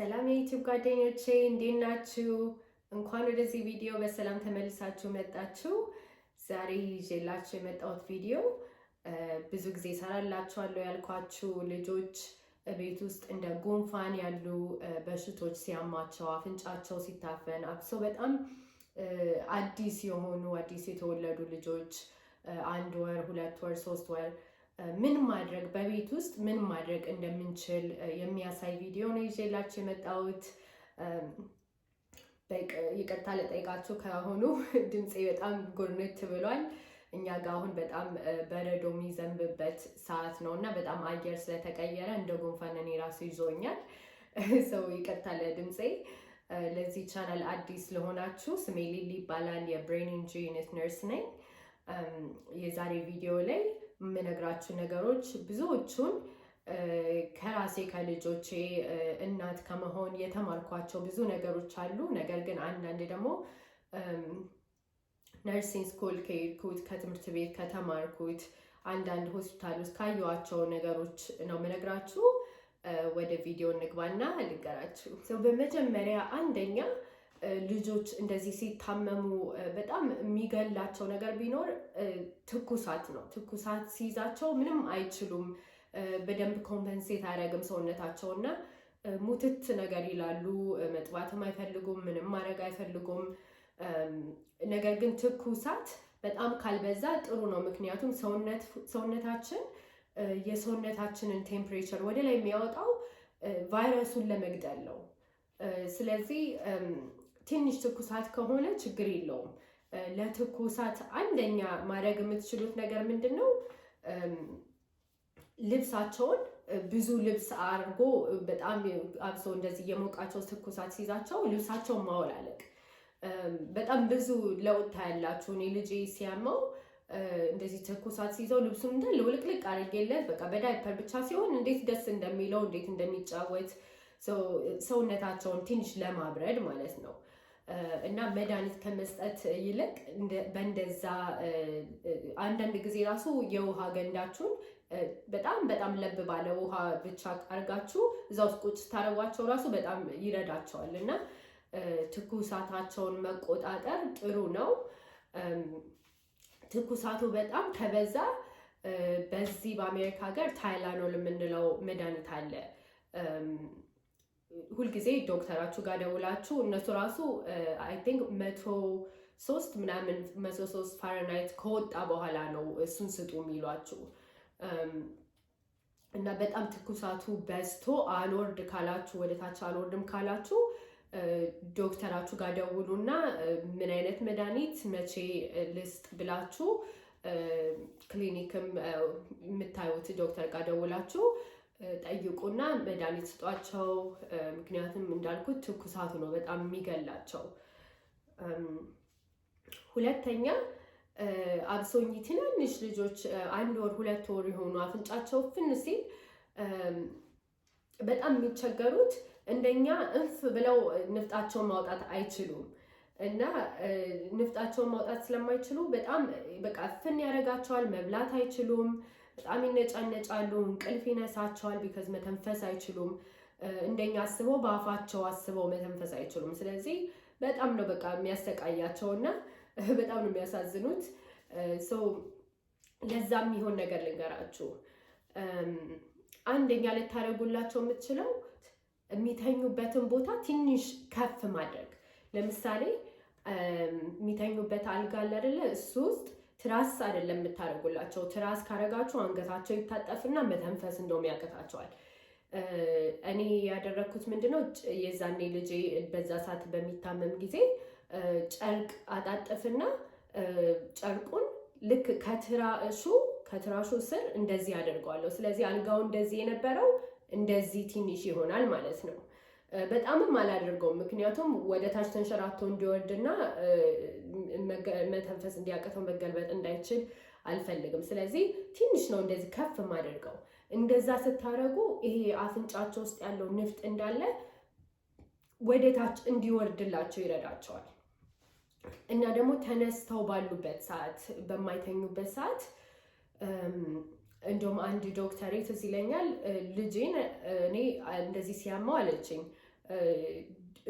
ሰላም የዩቲዩብ ጓደኞቼ እንዴት ናችሁ? እንኳን ወደዚህ ቪዲዮ በሰላም ተመልሳችሁ መጣችሁ። ዛሬ ይዤላችሁ የመጣሁት ቪዲዮ ብዙ ጊዜ ሰራላችኋለሁ ያልኳችሁ ልጆች ቤት ውስጥ እንደ ጉንፋን ያሉ በሽቶች ሲያማቸው፣ አፍንጫቸው ሲታፈን፣ አብሶ በጣም አዲስ የሆኑ አዲስ የተወለዱ ልጆች አንድ ወር፣ ሁለት ወር፣ ሶስት ወር ምን ማድረግ በቤት ውስጥ ምን ማድረግ እንደምንችል የሚያሳይ ቪዲዮ ነው ይዤላችሁ የመጣሁት። ይቅርታ ለጠይቃችሁ ከሆኑ ድምፄ በጣም ጎርንት ብሏል። እኛ ጋር አሁን በጣም በረዶ የሚዘንብበት ሰዓት ነው እና በጣም አየር ስለተቀየረ እንደ ጉንፋን እኔ ራሱ ይዞኛል። ሰው ይቅርታ ለድምፄ። ለዚህ ቻናል አዲስ ለሆናችሁ ስሜ ሊሊ ይባላል። የብሬን ኢንጂ ዩኒት ነርስ ነኝ። የዛሬ ቪዲዮ ላይ የምነግራችሁ ነገሮች ብዙዎቹን ከራሴ ከልጆቼ እናት ከመሆን የተማርኳቸው ብዙ ነገሮች አሉ። ነገር ግን አንዳንድ ደግሞ ነርሲንግ ስኩል ከሄድኩት ከትምህርት ቤት ከተማርኩት አንዳንድ ሆስፒታል ውስጥ ካየኋቸው ነገሮች ነው የምነግራችሁ። ወደ ቪዲዮ እንግባና ልንገራችሁ። በመጀመሪያ አንደኛ ልጆች እንደዚህ ሲታመሙ በጣም የሚገላቸው ነገር ቢኖር ትኩሳት ነው። ትኩሳት ሲይዛቸው ምንም አይችሉም። በደንብ ኮምፐንሴት አያደርግም ሰውነታቸው እና ሙትት ነገር ይላሉ። መጥባትም አይፈልጉም፣ ምንም ማድረግ አይፈልጉም። ነገር ግን ትኩሳት በጣም ካልበዛ ጥሩ ነው። ምክንያቱም ሰውነታችን የሰውነታችንን ቴምፕሬቸር ወደ ላይ የሚያወጣው ቫይረሱን ለመግደል ነው። ስለዚህ ትንሽ ትኩሳት ከሆነ ችግር የለውም። ለትኩሳት አንደኛ ማድረግ የምትችሉት ነገር ምንድን ነው? ልብሳቸውን ብዙ ልብስ አድርጎ በጣም አብሶ እንደዚህ የሞቃቸው ትኩሳት ሲይዛቸው ልብሳቸውን ማወላለቅ በጣም ብዙ ለውጥ ያላችሁ። እኔ ልጄ ሲያመው እንደዚህ ትኩሳት ሲይዘው ልብሱን እንዳለ ውልቅልቅ አድርጌለት በቃ በዳይፐር ብቻ ሲሆን እንዴት ደስ እንደሚለው እንዴት እንደሚጫወት ሰውነታቸውን ትንሽ ለማብረድ ማለት ነው። እና መድኃኒት ከመስጠት ይልቅ በእንደዛ አንዳንድ ጊዜ ራሱ የውሃ ገንዳችሁን በጣም በጣም ለብ ባለ ውሃ ብቻ አርጋችሁ እዛ ውስጥ ቁጭ ታረጓቸው ራሱ በጣም ይረዳቸዋል እና ትኩሳታቸውን መቆጣጠር ጥሩ ነው። ትኩሳቱ በጣም ከበዛ በዚህ በአሜሪካ ሀገር ታይላኖል የምንለው መድኃኒት አለ። ሁልጊዜ ዶክተራችሁ ጋር ደውላችሁ እነሱ ራሱ አይ ቲንክ መቶ ሶስት ምናምን መቶ ሶስት ፋረናይት ከወጣ በኋላ ነው እሱን ስጡ የሚሏችሁ እና በጣም ትኩሳቱ በዝቶ አልወርድ ካላችሁ ወደታች አልወርድም ካላችሁ ዶክተራችሁ ጋር ደውሉ እና ምን አይነት መድኃኒት መቼ ልስጥ ብላችሁ ክሊኒክም የምታዩት ዶክተር ጋር ደውላችሁ ጠይቁና መድኃኒት ስጧቸው። ምክንያቱም እንዳልኩት ትኩሳቱ ነው በጣም የሚገላቸው። ሁለተኛ አብሶኝ ትናንሽ ልጆች አንድ ወር ሁለት ወር የሆኑ አፍንጫቸው ፍን ሲል በጣም የሚቸገሩት እንደኛ እንፍ ብለው ንፍጣቸውን ማውጣት አይችሉም እና ንፍጣቸውን ማውጣት ስለማይችሉ በጣም በቃ ፍን ያደርጋቸዋል። መብላት አይችሉም። በጣም ይነጫነጫሉ፣ እንቅልፍ ይነሳቸዋል። ቢከዝ መተንፈስ አይችሉም። እንደኛ አስበው በአፋቸው አስበው መተንፈስ አይችሉም። ስለዚህ በጣም ነው በቃ የሚያሰቃያቸው እና በጣም ነው የሚያሳዝኑት። ለዛ የሚሆን ነገር ልንገራችሁ። አንደኛ ልታደርጉላቸው የምትችለው የሚተኙበትን ቦታ ትንሽ ከፍ ማድረግ። ለምሳሌ የሚተኙበት አልጋ አለ አይደለ? እሱ ውስጥ ትራስ አይደለም የምታደርጉላቸው። ትራስ ካረጋችሁ አንገታቸው ይታጠፍና መተንፈስ እንደውም ያቀታቸዋል። እኔ ያደረግኩት ምንድነው የዛኔ ልጄ በዛ ሰዓት በሚታመም ጊዜ ጨርቅ አጣጥፍና ጨርቁን ልክ ከትራሹ ከትራሹ ስር እንደዚህ አደርገዋለሁ። ስለዚህ አልጋው እንደዚህ የነበረው እንደዚህ ትንሽ ይሆናል ማለት ነው። በጣምም አላደርገውም። ምክንያቱም ወደ ታች ተንሸራቶ እንዲወርድና መተንፈስ እንዲያቅተው መገልበጥ እንዳይችል አልፈልግም። ስለዚህ ትንሽ ነው እንደዚህ ከፍ ማደርገው። እንደዛ ስታደርጉ ይሄ አፍንጫቸው ውስጥ ያለው ንፍጥ እንዳለ ወደ ታች እንዲወርድላቸው ይረዳቸዋል። እና ደግሞ ተነስተው ባሉበት ሰዓት፣ በማይተኙበት ሰዓት እንደውም አንድ ዶክተሬ ትዝ ይለኛል ልጄን እኔ እንደዚህ ሲያማው አለችኝ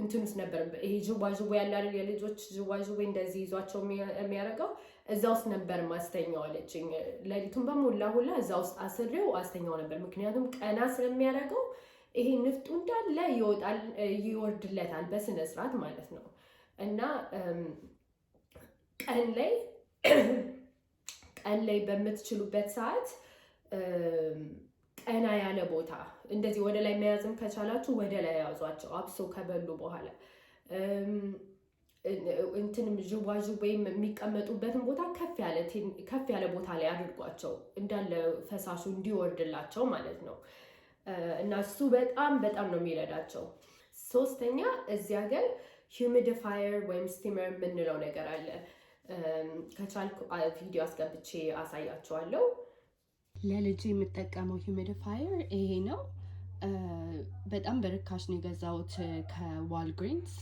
እንትን ውስጥ ነበር። ይሄ ዥዋዥዌ ያለ አይደል የልጆች ዥዋዥዌ እንደዚህ ይዟቸው የሚያደርገው እዛ ውስጥ ነበር ማስተኛው አለችኝ። ሌሊቱን በሞላ ሁላ እዛ ውስጥ አስሬው አስተኛው ነበር። ምክንያቱም ቀና ስለሚያደርገው ይሄ ንፍጡ እንዳለ ይወጣል፣ ይወርድለታል በስነ ስርዓት ማለት ነው። እና ቀን ላይ ቀን ላይ በምትችሉበት ሰዓት እንደዚህ ወደ ላይ መያዝም ከቻላችሁ ወደ ላይ ያዟቸው። አብሶ ከበሉ በኋላ እንትንም ዥዋዥ ወይም የሚቀመጡበትን ቦታ ከፍ ያለ ቦታ ላይ አድርጓቸው እንዳለ ፈሳሹ እንዲወርድላቸው ማለት ነው። እና እሱ በጣም በጣም ነው የሚረዳቸው። ሶስተኛ እዚያ ሀገር ሂሚዲፋየር ወይም ስቲመር የምንለው ነገር አለ። ከቻልኩ ቪዲዮ አስገብቼ አሳያቸዋለሁ። ለልጅ የምጠቀመው ሂሚዲፋየር ይሄ ነው። በጣም በርካሽ ነው የገዛሁት ከዋልግሪንስ።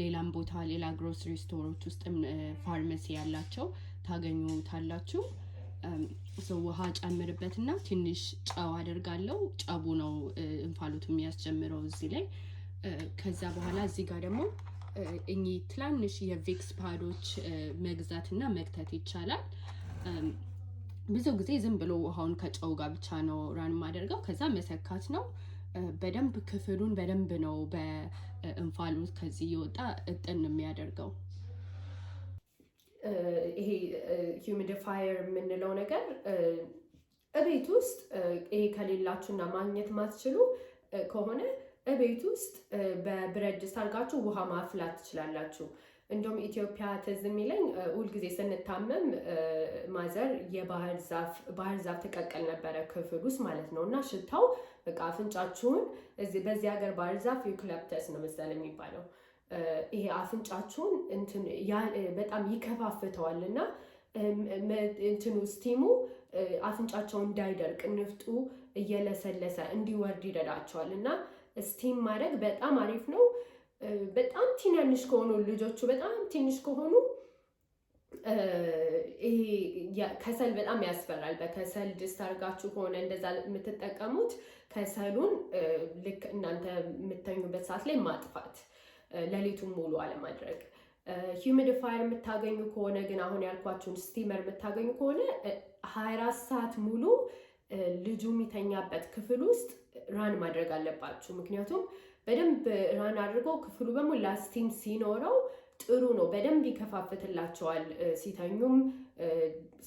ሌላም ቦታ ሌላ ግሮሰሪ ስቶሮች ውስጥም ፋርማሲ ያላቸው ታገኙታላችሁ። ሰው ውሃ ጨምርበትና ትንሽ ጨው አደርጋለው ጨቡ ነው እንፋሎት የሚያስጀምረው እዚህ ላይ። ከዛ በኋላ እዚህ ጋር ደግሞ እኚ ትላንሽ የቪክስ ፓዶች መግዛትና መክተት ይቻላል። ብዙ ጊዜ ዝም ብሎ ውሃውን ከጨው ጋር ብቻ ነው ራን ማደርገው። ከዛ መሰካት ነው። በደንብ ክፍሉን በደንብ ነው በእንፋሎት ከዚህ እየወጣ እጥን የሚያደርገው። ይሄ ሂውሚዲፋየር የምንለው ነገር እቤት ውስጥ ይሄ ከሌላችሁና ማግኘት ማትችሉ ከሆነ እቤት ውስጥ በብረት ድስት አድርጋችሁ ውሃ ማፍላት ትችላላችሁ። እንደውም ኢትዮጵያ ትዝ የሚለኝ ሁልጊዜ ስንታመም ማዘር የባህር ዛፍ ባህር ዛፍ ትቀቀል ነበረ ክፍል ውስጥ ማለት ነው። እና ሽታው በቃ አፍንጫችሁን በዚህ ሀገር ባህር ዛፍ ዩክላፕተስ ነው መሰል የሚባለው ይሄ አፍንጫችሁን በጣም ይከፋፍተዋል እና እንትኑ ስቲሙ አፍንጫቸው እንዳይደርቅ ንፍጡ እየለሰለሰ እንዲወርድ ይረዳቸዋል እና ስቲም ማድረግ በጣም አሪፍ ነው። በጣም ትንንሽ ከሆኑ ልጆቹ በጣም ትንሽ ከሆኑ ይሄ ከሰል በጣም ያስፈራል። በከሰል ድስት አድርጋችሁ ከሆነ እንደዛ የምትጠቀሙት ከሰሉን ልክ እናንተ የምተኙበት ሰዓት ላይ ማጥፋት፣ ሌሊቱን ሙሉ አለማድረግ። ሂውሚዲፋየር የምታገኙ ከሆነ ግን አሁን ያልኳችሁን ስቲመር የምታገኙ ከሆነ ሀያ ሰዓት ሙሉ ልጁ የሚተኛበት ክፍል ውስጥ ራን ማድረግ አለባችሁ ምክንያቱም በደንብ ራን አድርጎ ክፍሉ በሙላ ስቲም ሲኖረው ጥሩ ነው። በደንብ ይከፋፍትላቸዋል። ሲተኙም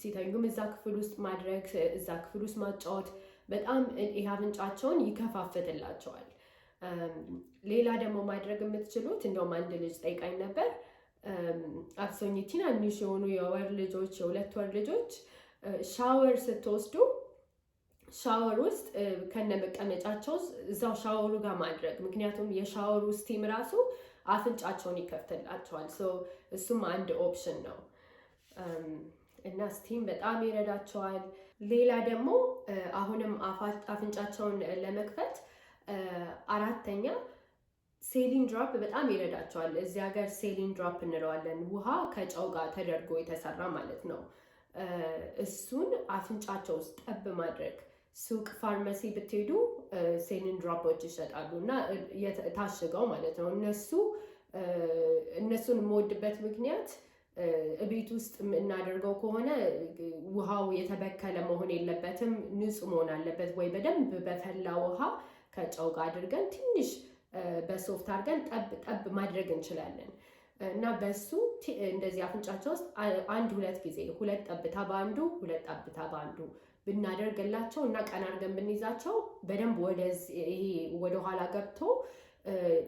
ሲተኙም እዛ ክፍል ውስጥ ማድረግ እዛ ክፍል ውስጥ ማጫወት በጣም ይህ አፍንጫቸውን ይከፋፍትላቸዋል። ሌላ ደግሞ ማድረግ የምትችሉት እንደውም አንድ ልጅ ጠይቃኝ ነበር አብሶኝ ትናንሽ የሆኑ የወር ልጆች የሁለት ወር ልጆች ሻወር ስትወስዱ ሻወር ውስጥ ከነ መቀመጫቸው እዛው ሻወሩ ጋር ማድረግ። ምክንያቱም የሻወሩ ስቲም ራሱ አፍንጫቸውን ይከፍትላቸዋል። እሱም አንድ ኦፕሽን ነው እና ስቲም በጣም ይረዳቸዋል። ሌላ ደግሞ አሁንም አፍንጫቸውን ለመክፈት አራተኛ ሴሊን ድሮፕ በጣም ይረዳቸዋል። እዚህ ሀገር ሴሊን ድሮፕ እንለዋለን። ውሃ ከጨው ጋር ተደርጎ የተሰራ ማለት ነው። እሱን አፍንጫቸው ውስጥ ጠብ ማድረግ ሱቅ ፋርማሲ ብትሄዱ ሴኒን ድሮፖች ይሸጣሉ እና ታሽገው ማለት ነው። እነሱ እነሱን የምወድበት ምክንያት ቤት ውስጥ የምናደርገው ከሆነ ውሃው የተበከለ መሆን የለበትም፣ ንጹህ መሆን አለበት። ወይ በደንብ በፈላ ውሃ ከጨው ጋር አድርገን ትንሽ በሶፍት አድርገን ጠብ ጠብ ማድረግ እንችላለን እና በሱ እንደዚህ አፍንጫቸው ውስጥ አንድ ሁለት ጊዜ ሁለት ጠብታ በአንዱ ሁለት ጠብታ በአንዱ ብናደርግላቸው እና ቀን አድርገን ብንይዛቸው በደንብ ይሄ ወደኋላ ገብቶ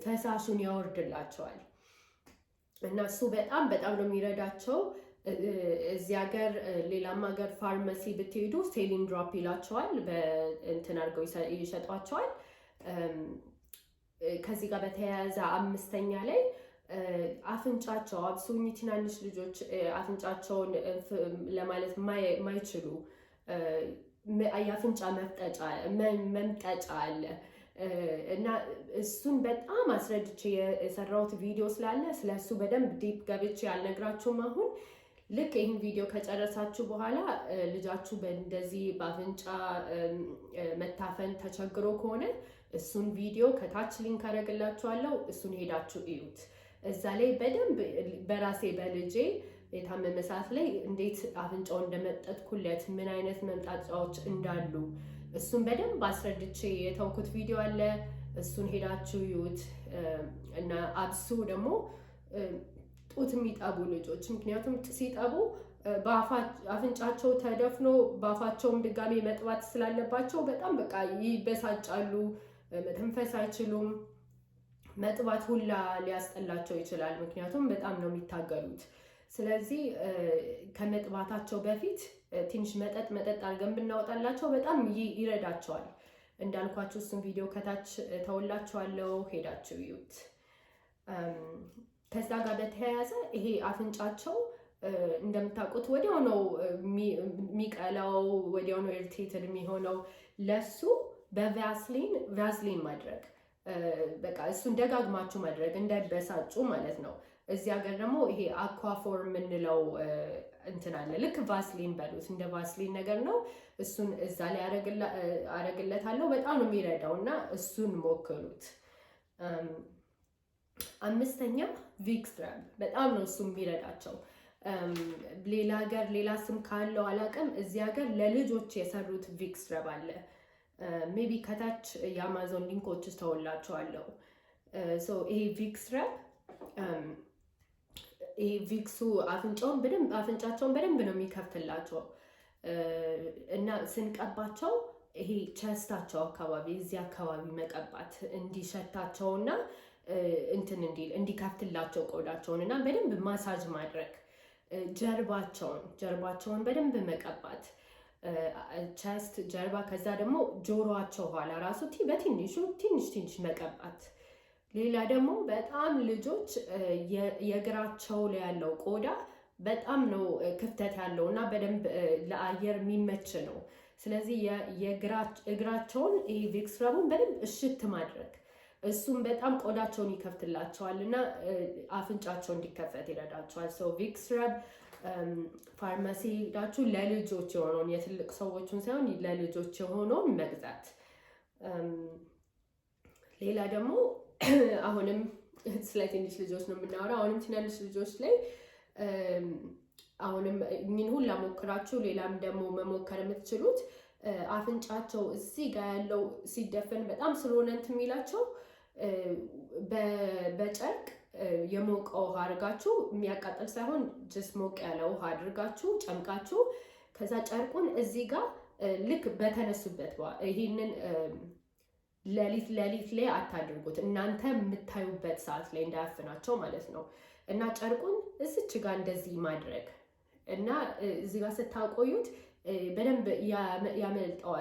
ፈሳሹን ያወርድላቸዋል እና እሱ በጣም በጣም ነው የሚረዳቸው። እዚህ ሀገር ሌላም ሀገር ፋርማሲ ብትሄዱ ሴሊን ድሮፕ ይላቸዋል፣ በእንትን አድርገው ይሸጧቸዋል። ከዚህ ጋር በተያያዘ አምስተኛ ላይ አፍንጫቸው አብሶኝ ትናንሽ ልጆች አፍንጫቸውን ለማለት ማይችሉ የአፍንጫ መፍጠጫ መምጠጫ አለ እና እሱን በጣም አስረድቼ የሰራሁት ቪዲዮ ስላለ ስለ እሱ በደንብ ዲፕ ገብቼ ያልነግራችሁም አሁን ልክ ይህን ቪዲዮ ከጨረሳችሁ በኋላ ልጃችሁ በእንደዚህ በአፍንጫ መታፈን ተቸግሮ ከሆነ እሱን ቪዲዮ ከታች ሊንክ አደርግላችኋለሁ። እሱን ሄዳችሁ እዩት። እዛ ላይ በደንብ በራሴ በልጄ የታመመ ሰዓት ላይ እንዴት አፍንጫው እንደመጠጥኩለት ምን አይነት መምጣጫዎች እንዳሉ እሱን በደንብ አስረድቼ የተውኩት ቪዲዮ አለ። እሱን ሄዳችሁ ይዩት እና አብሱ ደግሞ ጡት የሚጠቡ ልጆች ምክንያቱም ሲጠቡ አፍንጫቸው ተደፍኖ በአፋቸውም ድጋሜ መጥባት ስላለባቸው በጣም በቃ ይበሳጫሉ፣ መተንፈስ አይችሉም። መጥባት ሁላ ሊያስጠላቸው ይችላል። ምክንያቱም በጣም ነው የሚታገሉት። ስለዚህ ከመጥባታቸው በፊት ትንሽ መጠጥ መጠጥ አድርገን ብናወጣላቸው በጣም ይረዳቸዋል። እንዳልኳችሁ እሱን ቪዲዮ ከታች ተውላችኋለሁ፣ ሄዳችሁ እዩት። ከዛ ጋር በተያያዘ ይሄ አፍንጫቸው እንደምታውቁት ወዲያው ነው የሚቀላው፣ ወዲያው ነው ኢሪቴትድ የሚሆነው። ለሱ በቫስሊን ቫስሊን ማድረግ በቃ እሱን ደጋግማችሁ ማድረግ እንዳይበሳጩ ማለት ነው። እዚህ ሀገር ደግሞ ይሄ አኳፎር የምንለው እንትን አለ። ልክ ቫስሊን በሉት እንደ ቫስሊን ነገር ነው። እሱን እዛ ላይ አረግለታለሁ። በጣም ነው የሚረዳው እና እሱን ሞክሩት። አምስተኛ ቪክስትራም በጣም ነው እሱ የሚረዳቸው። ሌላ ሀገር ሌላ ስም ካለው አላውቅም። እዚህ ሀገር ለልጆች የሰሩት ቪክስትራም አለ። ሜቢ ከታች የአማዞን ሊንኮች ተወላቸዋለሁ። ይሄ ቪክስትራም ይሄ ቪክሱ አፍንጫውን በደንብ አፍንጫቸውን በደንብ ነው የሚከፍትላቸው እና ስንቀባቸው ይሄ ቸስታቸው አካባቢ እዚህ አካባቢ መቀባት እንዲሸታቸውና እንትን እንዲል እንዲከፍትላቸው ቆዳቸውን እና በደንብ ማሳጅ ማድረግ ጀርባቸውን ጀርባቸውን በደንብ መቀባት ቸስት ጀርባ፣ ከዛ ደግሞ ጆሮቸው ኋላ ራሱ በትንሹ ትንሽ ትንሽ መቀባት ሌላ ደግሞ በጣም ልጆች የእግራቸው ላይ ያለው ቆዳ በጣም ነው ክፍተት ያለው እና በደንብ ለአየር የሚመች ነው። ስለዚህ እግራቸውን ይሄ ቪክስ ረቡን በደንብ እሽት ማድረግ እሱም በጣም ቆዳቸውን ይከፍትላቸዋል እና አፍንጫቸው እንዲከፈት ይረዳቸዋል። ሰው ቪክስ ረብ ፋርማሲ ሄዳችሁ ለልጆች የሆነውን የትልቅ ሰዎቹን ሳይሆን ለልጆች የሆነውን መግዛት ሌላ ደግሞ አሁንም ስለ ትንሽ ልጆች ነው የምናወራው። አሁንም ትናንሽ ልጆች ላይ አሁንም እኝን ሁላ ሞክራችሁ ሌላም ደግሞ መሞከር የምትችሉት አፍንጫቸው እዚህ ጋር ያለው ሲደፈን በጣም ስለሆነ እንትን የሚላቸው በጨርቅ የሞቀ ውሃ አድርጋችሁ የሚያቃጥል ሳይሆን ጅስ ሞቅ ያለ ውሃ አድርጋችሁ ጨምቃችሁ ከዛ ጨርቁን እዚህ ጋር ልክ በተነሱበት ይህንን ለሊት ለሊት ላይ አታድርጉት። እናንተ የምታዩበት ሰዓት ላይ እንዳያፍናቸው ማለት ነው። እና ጨርቁን እስች ጋር እንደዚህ ማድረግ እና እዚህ ጋር ስታቆዩት በደንብ ያመልጠው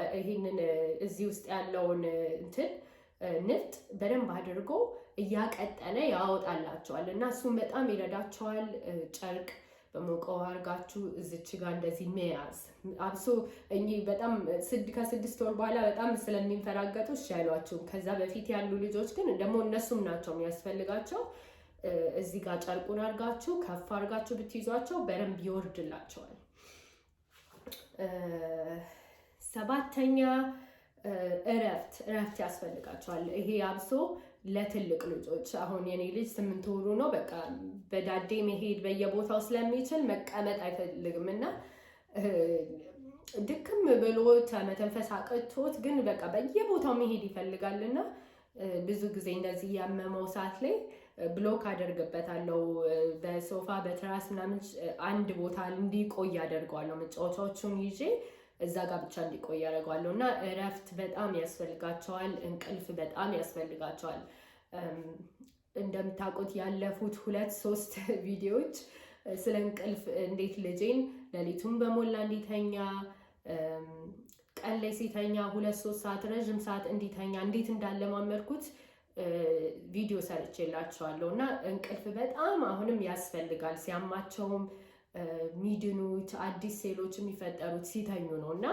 እዚህ ውስጥ ያለውን እንትን ንጥ በደንብ አድርጎ እያቀጠለ ያወጣላቸዋል እና እሱም በጣም ይረዳቸዋል ጨርቅ በሞቀ አድርጋችሁ እዚች ጋር እንደዚህ መያዝ። አብሶ እኚህ በጣም ስድ ከስድስት ወር በኋላ በጣም ስለሚንፈራገጡ እሺ አይሏችሁም። ከዛ በፊት ያሉ ልጆች ግን ደግሞ እነሱም ናቸው የሚያስፈልጋቸው። እዚህ ጋር ጨርቁን አድርጋችሁ ከፍ አድርጋችሁ ብትይዟቸው በደንብ ይወርድላቸዋል። ሰባተኛ እረፍት እረፍት ያስፈልጋቸዋል። ይሄ አብሶ ለትልቅ ልጆች አሁን የኔ ልጅ ስምንት ወሩ ነው። በቃ በዳዴ መሄድ በየቦታው ስለሚችል መቀመጥ አይፈልግም እና ድክም ብሎት መተንፈስ አቅቶት ግን በቃ በየቦታው መሄድ ይፈልጋል እና ብዙ ጊዜ እንደዚህ ያመመው ሰዓት ላይ ብሎክ አደርግበታለሁ። በሶፋ በትራስ ምናምን አንድ ቦታ እንዲቆይ አደርገዋለሁ መጫወቻዎቹን ይዤ እዛ ጋር ብቻ እንዲቆይ ያደርገዋለሁ እና እረፍት በጣም ያስፈልጋቸዋል። እንቅልፍ በጣም ያስፈልጋቸዋል። እንደምታውቁት ያለፉት ሁለት ሶስት ቪዲዮዎች ስለ እንቅልፍ እንዴት ልጄን ሌሊቱን በሞላ እንዲተኛ ቀን ላይ ሲተኛ ሁለት ሶስት ሰዓት ረዥም ሰዓት እንዲተኛ እንዴት እንዳለማመድኩት ቪዲዮ ሰርቼላቸዋለሁ እና እንቅልፍ በጣም አሁንም ያስፈልጋል ሲያማቸውም ሚድኑት አዲስ ሴሎች የሚፈጠሩት ሲተኙ ነው እና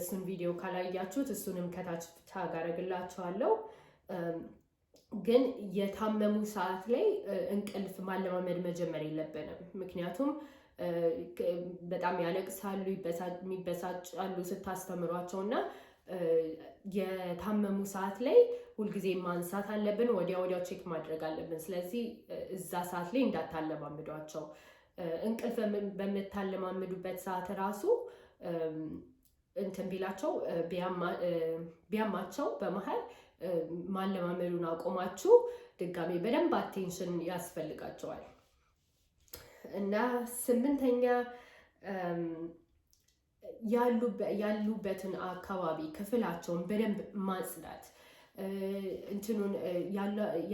እሱን ቪዲዮ ካላያችሁት እሱንም ከታች ታግ ግን የታመሙ ሰዓት ላይ እንቅልፍ ማለማመድ መጀመር የለብንም። ምክንያቱም በጣም ያለቅሳሉ፣ የሚበሳጫሉ ስታስተምሯቸው እና የታመሙ ሰዓት ላይ ሁልጊዜ ማንሳት አለብን። ወዲያ ወዲያው ቼክ ማድረግ አለብን። ስለዚህ እዛ ሰዓት ላይ እንዳታለማምዷቸው። እንቅልፍ በምታለማምዱበት ሰዓት ራሱ እንትን ቢላቸው ቢያማቸው በመሀል ማለማመዱን አቆማችሁ ድጋሜ በደንብ አቴንሽን ያስፈልጋቸዋል እና ስምንተኛ ያሉበትን አካባቢ ክፍላቸውን በደንብ ማጽዳት እንትኑን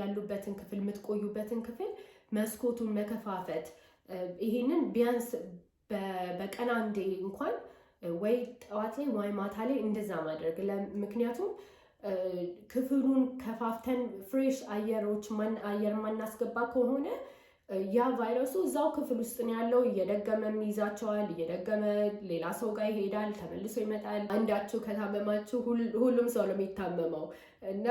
ያሉበትን ክፍል የምትቆዩበትን ክፍል መስኮቱን መከፋፈት ይሄንን ቢያንስ በቀን አንዴ እንኳን ወይ ጠዋት ላይ ወይ ማታ ላይ እንደዛ ማድረግ ምክንያቱም ክፍሉን ከፋፍተን ፍሬሽ አየሮች አየር ማናስገባ ከሆነ ያ ቫይረሱ እዛው ክፍል ውስጥ ነው ያለው። እየደገመ ይዛቸዋል፣ እየደገመ ሌላ ሰው ጋር ይሄዳል፣ ተመልሶ ይመጣል። አንዳችሁ ከታመማችሁ ሁሉም ሰው ነው የሚታመመው እና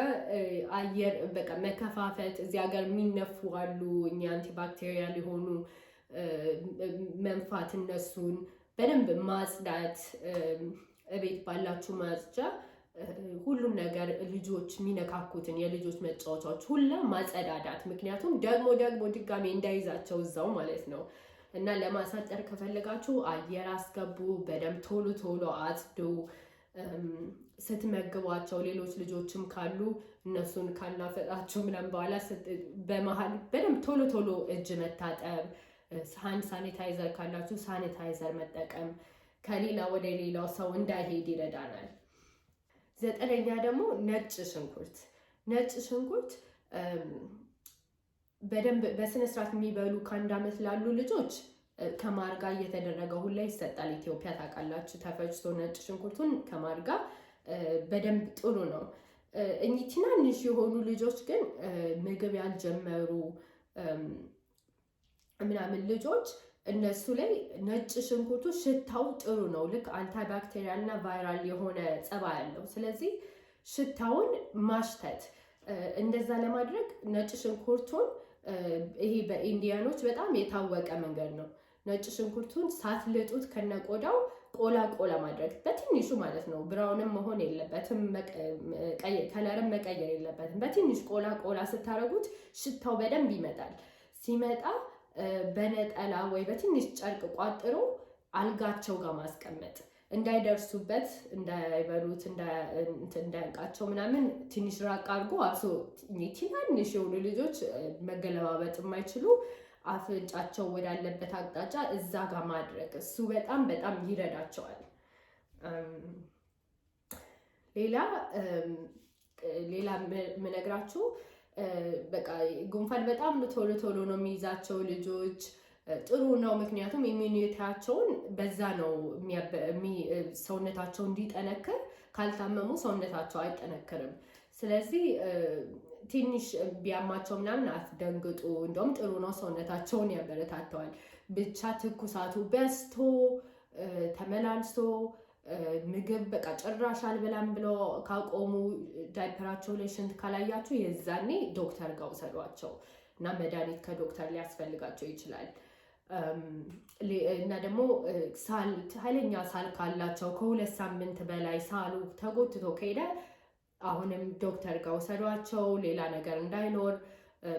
አየር በቃ መከፋፈት። እዚህ ሀገር የሚነፉ አሉ፣ እኛ አንቲባክቴሪያል የሆኑ መንፋት፣ እነሱን በደንብ ማጽዳት፣ እቤት ባላችሁ ማጽጃ ሁሉም ነገር ልጆች የሚነካኩትን የልጆች መጫወቻዎች ሁላ ማጸዳዳት። ምክንያቱም ደግሞ ደግሞ ድጋሜ እንዳይዛቸው እዛው ማለት ነው እና ለማሳጠር ከፈለጋችሁ አየር አስገቡ። በደንብ ቶሎ ቶሎ አጽዱ። ስትመግቧቸው ሌሎች ልጆችም ካሉ እነሱን ካናፈጣችሁ ምናምን በኋላ በመሀል በደንብ ቶሎ ቶሎ እጅ መታጠብ ሃንድ ሳኒታይዘር ካላችሁ ሳኒታይዘር መጠቀም ከሌላ ወደ ሌላው ሰው እንዳይሄድ ይረዳናል። ዘጠነኛ ደግሞ ነጭ ሽንኩርት። ነጭ ሽንኩርት በደንብ በስነስርዓት የሚበሉ ከአንድ ዓመት ላሉ ልጆች ከማር ጋር እየተደረገ ሁላ ይሰጣል። ኢትዮጵያ ታውቃላችሁ፣ ተፈጭቶ ነጭ ሽንኩርቱን ከማር ጋር በደንብ ጥሩ ነው። እኚህ ትናንሽ የሆኑ ልጆች ግን ምግብ ያልጀመሩ ምናምን ልጆች እነሱ ላይ ነጭ ሽንኩርቱ ሽታው ጥሩ ነው። ልክ አንታ ባክቴሪያል እና ቫይራል የሆነ ጸባ ያለው ስለዚህ ሽታውን ማሽተት እንደዛ ለማድረግ ነጭ ሽንኩርቱን ይሄ በኢንዲያኖች በጣም የታወቀ መንገድ ነው። ነጭ ሽንኩርቱን ሳትልጡት ከነቆዳው ቆላ ቆላ ማድረግ በትንሹ ማለት ነው። ብራውንም መሆን የለበትም፣ ከለርም መቀየር የለበትም። በትንሽ ቆላ ቆላ ስታደርጉት ሽታው በደንብ ይመጣል። ሲመጣ በነጠላ ወይ በትንሽ ጨርቅ ቋጥሮ አልጋቸው ጋር ማስቀመጥ እንዳይደርሱበት እንዳይበሉት እንዳያንቃቸው ምናምን ትንሽ ራቅ አድርጎ አብሶ ትናንሽ የሆኑ ልጆች መገለባበጥ የማይችሉ አፍንጫቸው ወዳለበት አቅጣጫ እዛ ጋር ማድረግ እሱ በጣም በጣም ይረዳቸዋል። ሌላ ሌላ ምነግራችሁ በቃ ጉንፋን በጣም ቶሎ ቶሎ ነው የሚይዛቸው ልጆች። ጥሩ ነው፣ ምክንያቱም ኢሚኒቲያቸውን በዛ ነው ሰውነታቸው እንዲጠነክር። ካልታመሙ ሰውነታቸው አይጠነክርም። ስለዚህ ትንሽ ቢያማቸው ምናምን አትደንግጡ። እንደውም ጥሩ ነው፣ ሰውነታቸውን ያበረታተዋል። ብቻ ትኩሳቱ በስቶ ተመላልሶ ምግብ በቃ ጭራሽ አልበላም ብሎ ካቆሙ ዳይፐራቸው ላይ ሽንት ካላያችሁ የዛኔ ዶክተር ጋር ውሰዷቸው እና መድኃኒት ከዶክተር ሊያስፈልጋቸው ይችላል። እና ደግሞ ኃይለኛ ሳል ካላቸው ከሁለት ሳምንት በላይ ሳሉ ተጎትቶ ከሄደ አሁንም ዶክተር ጋር ውሰዷቸው። ሌላ ነገር እንዳይኖር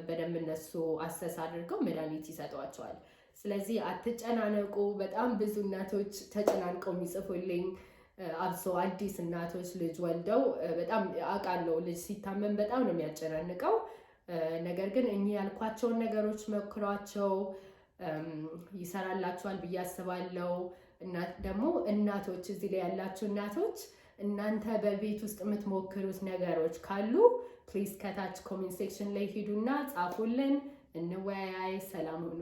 በደንብ እነሱ አሰስ አድርገው መድኃኒት ይሰጧቸዋል። ስለዚህ አትጨናነቁ። በጣም ብዙ እናቶች ተጨናንቀው የሚጽፉልኝ አብሶ አዲስ እናቶች ልጅ ወልደው በጣም አውቃለሁ። ልጅ ሲታመም በጣም ነው የሚያጨናንቀው። ነገር ግን እኚህ ያልኳቸውን ነገሮች መክሯቸው ይሰራላችኋል ብዬ አስባለሁ። እናት ደግሞ እናቶች እዚህ ላይ ያላችሁ እናቶች እናንተ በቤት ውስጥ የምትሞክሩት ነገሮች ካሉ ፕሊዝ ከታች ኮሜንት ሴክሽን ላይ ሂዱና ጻፉልን፣ እንወያይ። ሰላም ሁኑ።